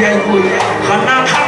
yaay booy xanaa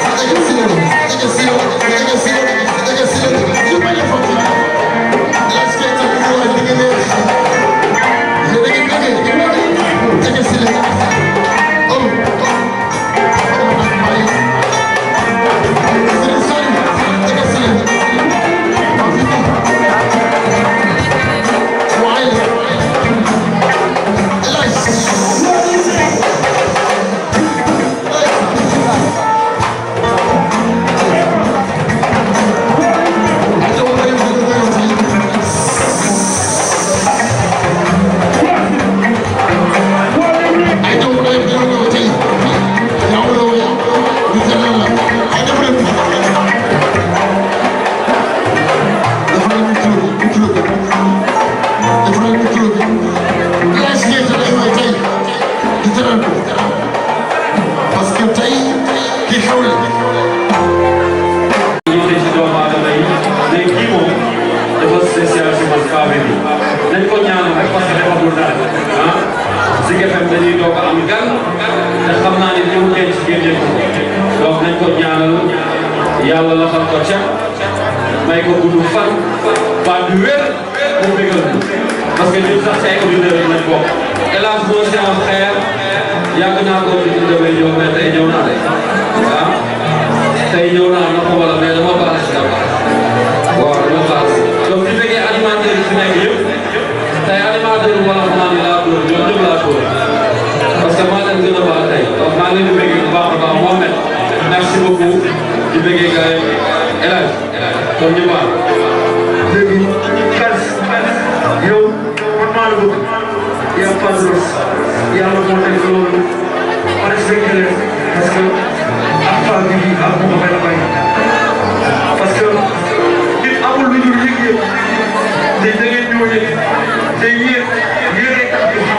esqueceu, esqueceu, esqueceu. xam naa ne ngeen ci biir lépp donc nañ ko ñaanal yàlla la fal ko ca may ko gudd fan baat bi wér mu bégal parce que ñun sax ci ay auditeurs yi lañ bokk hélas moo si ko di dundee ñëw mais tey ñëw naa de ah tey ñëw naa na ko wala mais si dama waaw dama baax donc di fekkee animateurs laa bëgg ñoom ñëpp laa bëgg parce que maa leen gën a baax tey donc maa leen di bëggee bu baax a baax moo mel merci beaucoup di bëggee gars yi El Hadj comme ñu baax. léegi kas kas yow man maa la bëgg yow pas de los yàlla moo nekk loolu ma respecté leen parce que ak faa bi bii ak mu mel bay parce que nit amul lu ñu liggéey te da ngeen ñëw ne te yéen yéen